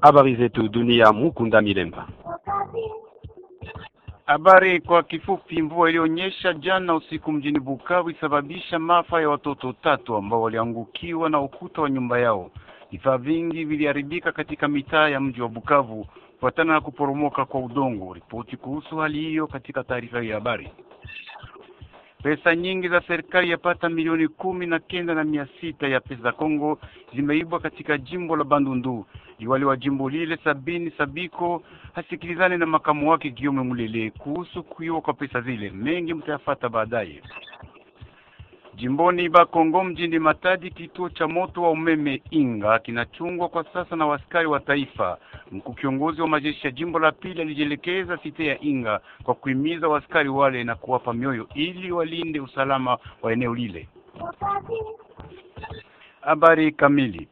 Habari zetu dunia, Mukunda Milemba. Habari kwa kifupi. Mvua ilionyesha jana usiku mjini Bukavu isababisha maafa ya watoto tatu ambao waliangukiwa na ukuta wa nyumba yao. Vifaa vingi viliharibika katika mitaa ya mji wa Bukavu kufuatana na kuporomoka kwa udongo. Ripoti kuhusu hali hiyo katika taarifa ya habari. Pesa nyingi za serikali yapata milioni kumi na kenda na mia sita ya pesa za Kongo zimeibwa katika jimbo la Bandundu. Liwali wa jimbo lile Sabini Sabiko hasikilizane na makamu wake Giome Mulele kuhusu kuiwa kwa pesa zile. Mengi mtayafata baadaye. Jimboni Bakongo mjini Matadi, kituo cha moto wa umeme Inga kinachungwa kwa sasa na waskari wa taifa. Mkuu kiongozi wa majeshi ya jimbo la pili alijielekeza site ya Inga kwa kuhimiza waskari wale na kuwapa mioyo ili walinde usalama wa eneo lile. Habari kamili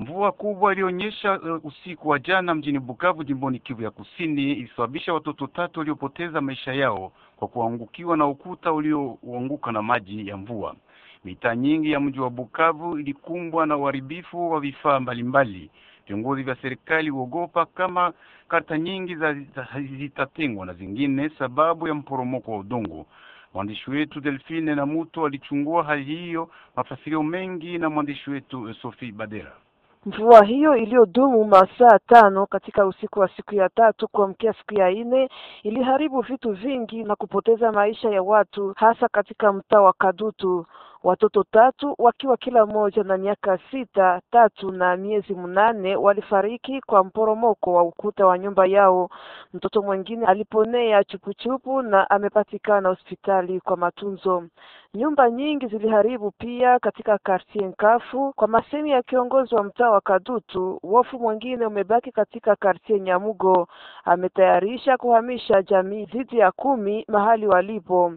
Mvua kubwa uh, usiku wa jana mjini Bukavu, jimboni Kivu ya Kusini, ilisababisha watoto tatu waliopoteza maisha yao kwa kuangukiwa na ukuta ulioanguka na maji ya mvua. Mitaa nyingi ya mji wa Bukavu ilikumbwa na uharibifu wa vifaa mbalimbali. Viongozi vya serikali huogopa kama kata nyingi zitatengwa na zingine sababu ya mporomoko wa udongo. Mwandishi wetu Delphine na Muto alichungua hali hiyo, mafasirio mengi na mwandishi wetu eh, Sophie Badera. Mvua hiyo iliyodumu masaa tano katika usiku wa siku ya tatu kuamkia siku ya nne iliharibu vitu vingi na kupoteza maisha ya watu hasa katika mtaa wa Kadutu. Watoto tatu wakiwa kila mmoja na miaka sita, tatu na miezi mnane walifariki kwa mporomoko wa ukuta wa nyumba yao. Mtoto mwingine aliponea chupuchupu na amepatikana hospitali kwa matunzo. Nyumba nyingi ziliharibu pia katika kartie Nkafu. Kwa masemi ya kiongozi wa mtaa wa Kadutu, wofu mwingine umebaki katika kartie Nyamugo ametayarisha kuhamisha jamii dhidi ya kumi mahali walipo.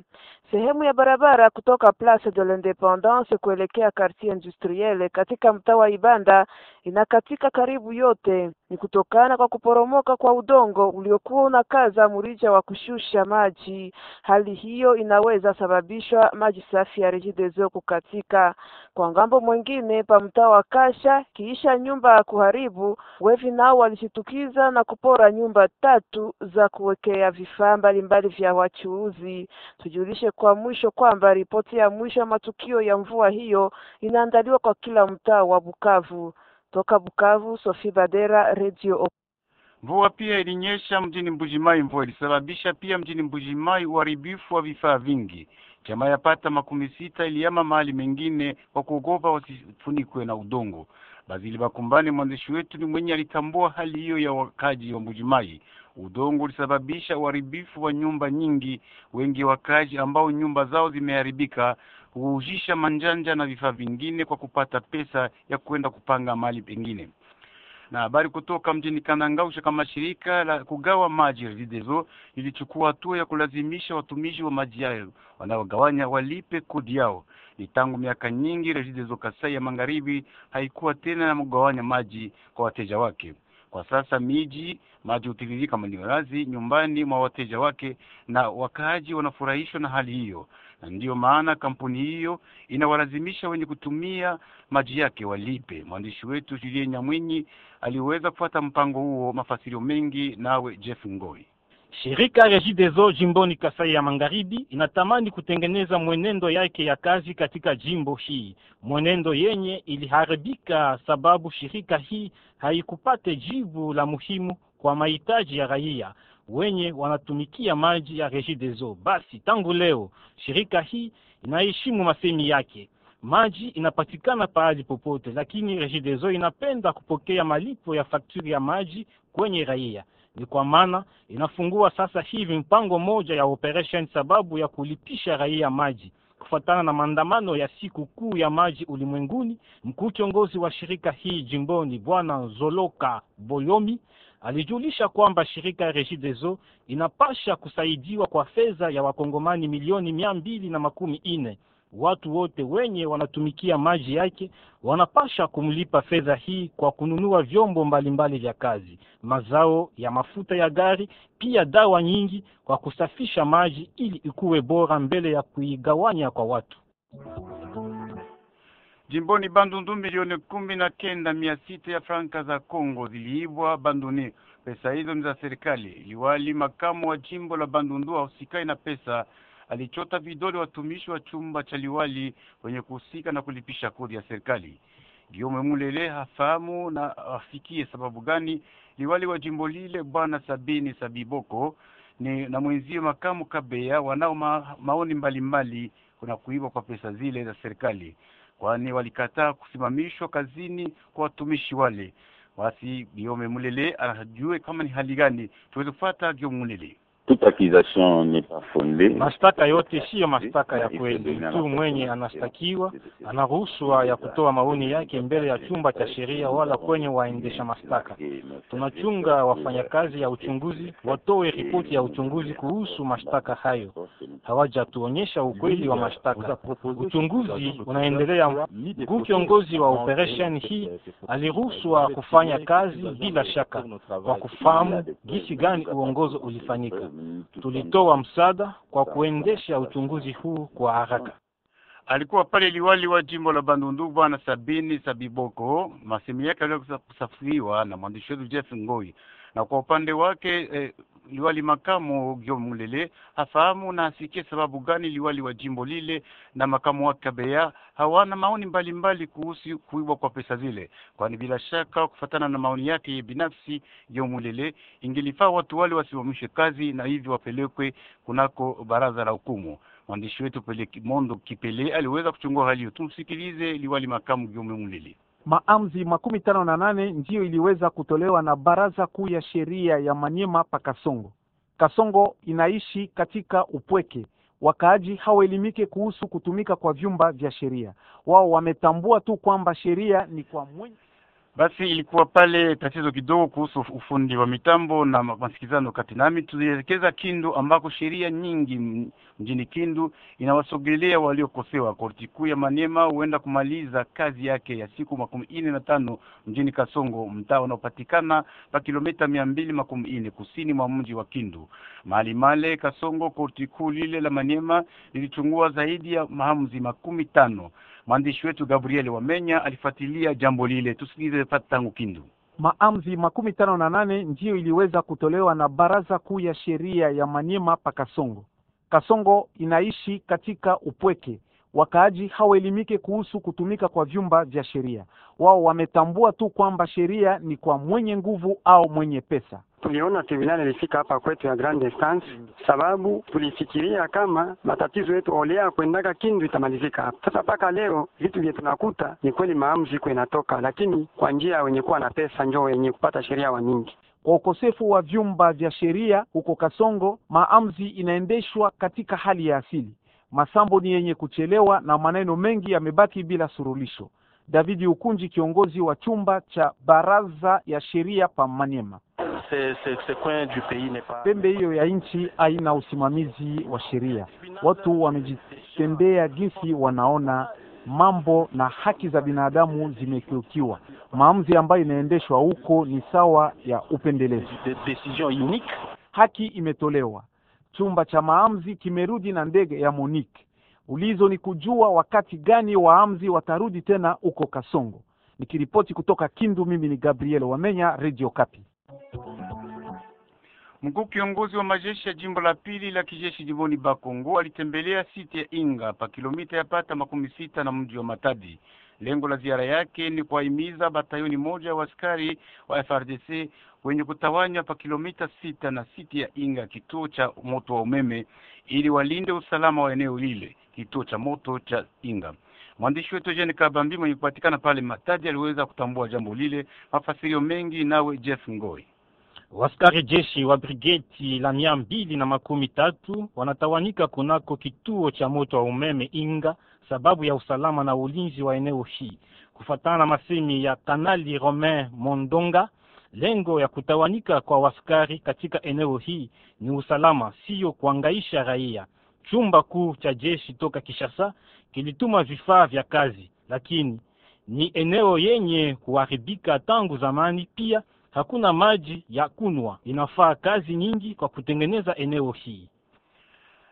Sehemu ya barabara kutoka Place de l'Independance kuelekea Quartier Industriel katika mtaa wa Ibanda inakatika karibu yote ni kutokana kwa kuporomoka kwa udongo uliokuwa unakaza mrija wa kushusha maji. Hali hiyo inaweza sababishwa maji safi ya Regideso kukatika. Kwa ngambo mwengine, pa mtaa wa Kasha, kiisha nyumba ya kuharibu, wevi nao walishitukiza na kupora nyumba tatu za kuwekea vifaa mbalimbali vya wachuuzi. Tujulishe kwa mwisho kwamba ripoti ya mwisho ya matukio ya mvua hiyo inaandaliwa kwa kila mtaa wa Bukavu. Toka Bukavu, Sophie Badera, Radio Mvua pia ilinyesha mjini Mbujimai. Mvua ilisababisha pia mjini Mbujimai uharibifu wa vifaa vingi. Jamaa yapata makumi sita iliyama mahali mengine kwa kuogopa wasifunikwe na udongo. Bazili Bakumbani, mwandishi wetu, ni mwenye alitambua hali hiyo ya wakaji wa Mbujimai. Udongo ulisababisha uharibifu wa nyumba nyingi, wengi wakaji ambao nyumba zao zimeharibika kuhusisha manjanja na vifaa vingine kwa kupata pesa ya kwenda kupanga mali pengine. Na habari kutoka mjini Kanangausha, kama shirika la kugawa maji Revidezo lilichukua hatua ya kulazimisha watumishi wa maji hayo wanaogawanya walipe kodi yao. Ni tangu miaka nyingi Revidezo Kasai ya Magharibi haikuwa tena na mgawanya maji kwa wateja wake. Kwa sasa miji maji hutiririka maniorazi nyumbani mwa wateja wake, na wakaaji wanafurahishwa na hali hiyo na ndiyo maana kampuni hiyo inawalazimisha wenye kutumia maji yake walipe. Mwandishi wetu Julien Nyamwinyi aliweza kufuata mpango huo, mafasirio mengi nawe Jeff Ngoi. Shirika Regideso jimboni Kasai ya Magharibi inatamani kutengeneza mwenendo yake ya kazi katika jimbo hii, mwenendo yenye iliharibika sababu shirika hii haikupate jibu la muhimu kwa mahitaji ya raia wenye wanatumikia maji ya Regideso. Basi tangu leo shirika hii inaheshimu masemi yake. Maji inapatikana pahali popote, lakini Regideso inapenda kupokea malipo ya fakturi ya maji kwenye raia. Ni kwa maana inafungua sasa hivi mpango moja ya operation sababu ya kulipisha raia maji kufuatana na maandamano ya siku kuu ya maji ulimwenguni. Mkuu kiongozi wa shirika hii jimboni Bwana Zoloka Boyomi alijulisha kwamba shirika Regideso inapasha kusaidiwa kwa fedha ya wakongomani milioni mia mbili na makumi ine. Watu wote wenye wanatumikia maji yake wanapasha kumlipa fedha hii kwa kununua vyombo mbalimbali vya kazi, mazao ya mafuta ya gari, pia dawa nyingi kwa kusafisha maji ili ikuwe bora mbele ya kuigawanya kwa watu. Jimboni Bandundu milioni kumi na kenda mia sita ya franka za Kongo ziliibwa Banduni. Pesa hizo ni za serikali. Liwali makamu wa jimbo la Bandundu ahusikai na pesa alichota vidole watumishi wa chumba cha liwali wenye kuhusika na kulipisha kodi ya serikali. Guillaume Mulele hafahamu na afikie sababu gani liwali wa jimbo lile bwana Sabini Sabiboko ni na mwenzie makamu Kabea wanao ma, maoni mbalimbali kuna kuibwa kwa pesa zile za serikali kwani walikataa kusimamishwa kazini kwa watumishi wale. Basi giome Mulele anajue kama ni hali gani, tuweze kufata giome Mulele. Mashtaka yote siyo mashtaka ya kweli. Mtu mwenye anashtakiwa ana ruhusa ya kutoa maoni yake mbele ya chumba cha sheria wala kwenye waendesha mashtaka. Tunachunga wafanyakazi ya uchunguzi watoe ripoti ya uchunguzi kuhusu mashtaka hayo. Hawajatuonyesha ukweli wa mashtaka, uchunguzi unaendelea. Mkuu kiongozi wa operation hii aliruhusiwa kufanya kazi bila shaka, kwa kufahamu jinsi gani uongozo ulifanyika. Tulitoa msa msaada kwa kuendesha uchunguzi huu kwa haraka. Alikuwa pale liwali wa jimbo la Bandundu Bwana Sabini Sabiboko. Masimu yake kusafiriwa na mwandishi wetu Jeff Ngoi. Na kwa upande wake eh, liwali makamu Guillaume Mulele hafahamu na asikie sababu gani liwali wa jimbo lile na makamu wake Kabeya hawana maoni mbalimbali kuhusu kuibwa kwa pesa zile, kwani bila shaka kufatana na maoni yake binafsi Guillaume Mulele, ingelifaa watu wale wasimamishe kazi na hivyo wapelekwe kunako baraza la hukumu. Mwandishi wetu Pele Mondo Kipele aliweza kuchungua hali hiyo, tumsikilize liwali makamu Guillaume Mulele maamzi makumi tano na nane ndiyo iliweza kutolewa na baraza kuu ya sheria ya Manyema pa Kasongo. Kasongo inaishi katika upweke, wakaaji hawaelimike kuhusu kutumika kwa vyumba vya sheria. Wao wametambua tu kwamba sheria ni kwa mwenye basi ilikuwa pale tatizo kidogo kuhusu ufundi wa mitambo na masikizano kati nami. Tulielekeza Kindu ambako sheria nyingi mjini Kindu inawasogelea waliokosewa. Korti kuu ya manyema huenda kumaliza kazi yake ya siku makumi ine na tano mjini Kasongo, mtaa unaopatikana pa kilomita mia mbili makumi ine kusini mwa mji wa Kindu. Mahali male Kasongo, korti kuu lile la manyema lilichungua zaidi ya maamuzi makumi tano. Mwandishi wetu Gabriel Wamenya alifuatilia jambo lile, tusikilize tangu Kindu. Maamzi makumi tano na nane ndiyo iliweza kutolewa na baraza kuu ya sheria ya manyema pa Kasongo. Kasongo inaishi katika upweke wakaaji hawaelimike kuhusu kutumika kwa vyumba vya sheria. Wao wametambua tu kwamba sheria ni kwa mwenye nguvu au mwenye pesa. Tuliona tribunali ilifika hapa kwetu ya grande instance, sababu tulifikiria kama matatizo yetu olea kwendaka Kindu itamalizika hapa. Sasa mpaka leo vitu vye tunakuta ni kweli, maamuzi iko inatoka, lakini kwa njia wenye kuwa na pesa njo wenye kupata sheria wa nyingi. kwa ukosefu wa vyumba vya sheria huko Kasongo, maamuzi inaendeshwa katika hali ya asili. Masambo ni yenye kuchelewa na maneno mengi yamebaki bila surulisho. Davidi Ukunji, kiongozi wa chumba cha baraza ya sheria pa Maniema. Pembe hiyo ya nchi haina usimamizi wa sheria, watu wamejitendea gisi wanaona mambo na haki za binadamu zimekiukiwa. Maamuzi ambayo inaendeshwa huko ni sawa ya upendelezi. Haki imetolewa Chumba cha maamzi kimerudi na ndege ya Monique. Ulizo ni kujua wakati gani waamzi watarudi tena huko Kasongo. Nikiripoti kutoka Kindu, mimi ni Gabriel Wamenya, Radio Kapi. Mkuu kiongozi wa majeshi ya jimbo la pili la kijeshi jimboni Bakongo alitembelea siti ya Inga pa kilomita ya pata makumi sita na mji wa Matadi. Lengo la ziara yake ni kuwahimiza batayoni moja ya askari wa FRDC wenye kutawanywa pa kilomita sita na siti ya Inga, kituo cha moto wa umeme, ili walinde usalama wa eneo lile, kituo cha moto cha Inga. Mwandishi wetu Jean Kabambi mwenye kupatikana pale Matadi aliweza kutambua jambo lile, mafasirio mengi nawe Jeff Ngoi. Waskari jeshi wa brigeti la mia mbili na makumi tatu wanatawanika kunako kituo cha moto wa umeme Inga sababu ya usalama na ulinzi wa eneo hii. Kufatana na masemi ya Kanali Romain Mondonga, lengo ya kutawanika kwa waskari katika eneo hii ni usalama, siyo kuangaisha raia. Chumba kuu cha jeshi toka Kishasa kilituma vifaa vya kazi, lakini ni eneo yenye kuharibika tangu zamani. Pia hakuna maji ya kunwa. Inafaa kazi nyingi kwa kutengeneza eneo hii.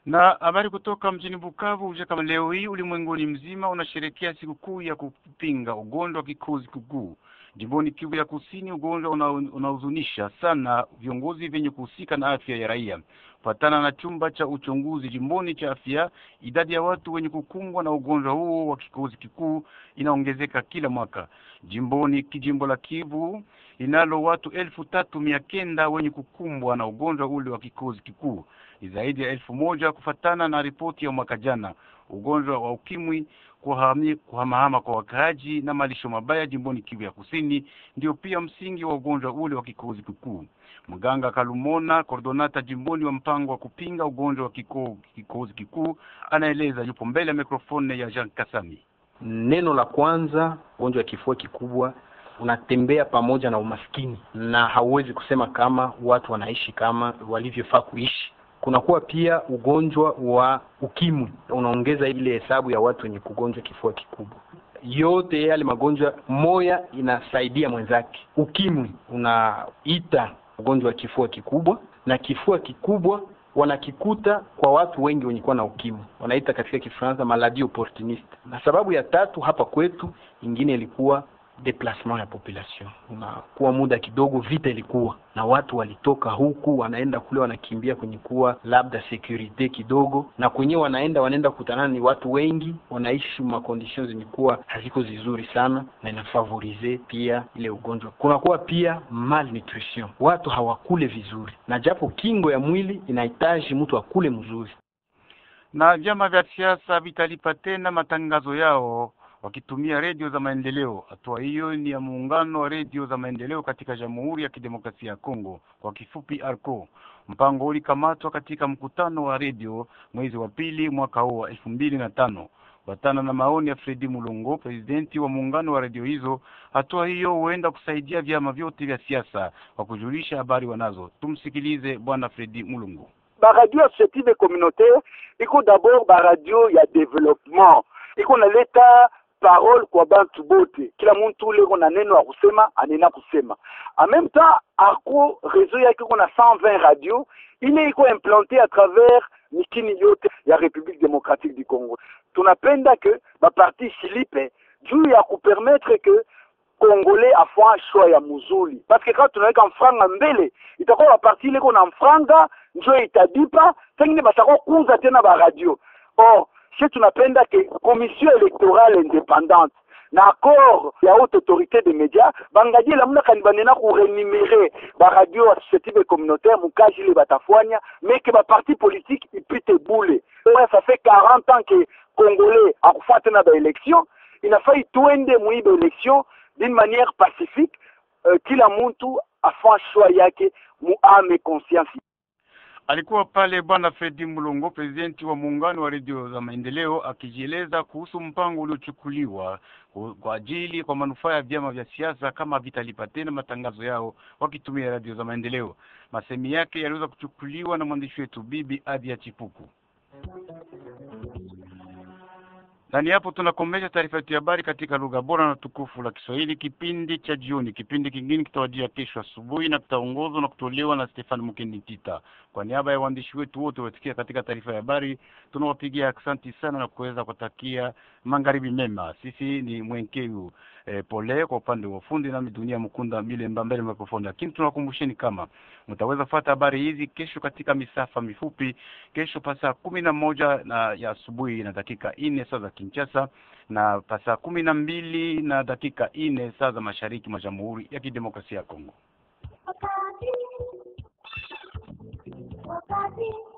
Na habari kutoka mjini Bukavu huja kama leo hii, ulimwenguni mzima unasherekea sikukuu ya kupinga ugonjwa wa kikozi kikuu jimboni Kivu ya Kusini, ugonjwa unahuzunisha una sana viongozi vyenye kuhusika na afya ya raia. Kufatana na chumba cha uchunguzi jimboni cha afya, idadi ya watu wenye kukumbwa na ugonjwa huo wa kikozi kikuu inaongezeka kila mwaka jimboni. Kijimbo la Kivu linalo watu elfu tatu mia kenda wenye kukumbwa na ugonjwa ule wa kikozi kikuu zaidi ya elfu moja kufatana na ripoti ya mwaka jana. Ugonjwa wa ukimwi, kuhamahama kwa wakaaji na malisho mabaya jimboni Kivu ya Kusini ndio pia msingi wa ugonjwa ule wa kikozi kikuu. Mganga Kalumona, kordonata jimboni wa mpango wa kupinga ugonjwa wa kiko, kikuu, anaeleza, yupo mbele ya mikrofone ya Jean Kasami. Neno la kwanza, ugonjwa wa kifua kikubwa unatembea pamoja na umaskini na hauwezi kusema kama watu wanaishi kama walivyofaa kuishi Kunakuwa pia ugonjwa wa ukimwi, unaongeza ile hesabu ya watu wenye kugonjwa kifua kikubwa. Yote yale magonjwa, moya inasaidia mwenzake. Ukimwi unaita ugonjwa wa kifua kikubwa, na kifua kikubwa wanakikuta kwa watu wengi wenye kuwa na ukimwi, wanaita katika Kifaransa maladie opportuniste. Na sababu ya tatu hapa kwetu ingine ilikuwa deplacement ya population na kuwa muda kidogo, vita ilikuwa na watu walitoka huku wanaenda kule, wanakimbia kwenye kuwa labda security kidogo, na kwenyewe wanaenda wanaenda kukutanana, ni watu wengi wanaishi makonditions zenye kuwa haziko zizuri sana, na inafavorize pia ile ugonjwa. Kunakuwa pia malnutrition, watu hawakule vizuri, na japo kingo ya mwili inahitaji mtu akule mzuri. Na vyama vya siasa vitalipa tena matangazo yao wakitumia redio za maendeleo. Hatua hiyo ni ya muungano wa redio za maendeleo katika Jamhuri ya Kidemokrasia ya Kongo, kwa kifupi ARCO. Mpango ulikamatwa katika mkutano wa redio mwezi wa pili mwaka huu wa elfu mbili na tano kufuatana na maoni ya Fredi Mulongo, presidenti wa muungano wa redio hizo. Hatua hiyo huenda kusaidia vyama vyote vya siasa kwa kujulisha habari wanazo. Tumsikilize bwana Fredi Mulongo. baradio associative communautaire iko d'abord baradio ya development iko naleta parole kwa bantu a kila mtu leko na neno ya kusema anena kusema. En même temps ako réseau yake 120 radio ile iko implanté à travers mikini yote ya République démocratique du Congo. Tunapenda ke partie silipe juu ya kupermettre ke Kongole afanye shwa ya muzuri, paske kama tunaweka mfranga mbele, itakuwa baparti ile pas na mfranga njo itadipa tena ba radio or sisi tunapenda que commission électorale indépendante, na accord la haute autorité de médias, bangadie lamunaka ni banena kurenumere baradio radio communautaire mais que le parti politique bouler. bref ça fait 40 ans que congolais akufa tena baélection inafai twende mwibe l'élection d'une manière pacifique euh, kila muntu afanye choix yake et conscience Alikuwa pale Bwana Fredi Mulongo, prezidenti wa muungano wa redio za maendeleo, akijieleza kuhusu mpango uliochukuliwa kwa ajili kwa manufaa ya vyama vya siasa kama vitalipa tena matangazo yao wakitumia radio za maendeleo. Masemi yake yaliweza kuchukuliwa na mwandishi wetu Bibi ya Chipuku. Nani hapo tunakomesha taarifa yetu ya habari katika lugha bora na tukufu la Kiswahili, kipindi cha jioni. Kipindi kingine kitawajia kesho asubuhi, na kitaongozwa na kutolewa na Stefan Mukeni Tita. Kwa niaba ya waandishi wetu wote wetikia katika taarifa ya habari, tunawapigia asanti sana na kuweza kutakia magharibi mema. Sisi ni Mwenkeu e, pole kwa upande wa ufundi, nami Dunia Mkunda Milemba mbele mikrofoni, lakini tunawakumbusheni kama mtaweza fuata habari hizi kesho katika misafa mifupi, kesho pasaa kumi na moja na ya asubuhi na dakika nne saa za Kinshasa na pasaa kumi na mbili na dakika nne saa za mashariki mwa Jamhuri ya Kidemokrasia ya Kongo. 听。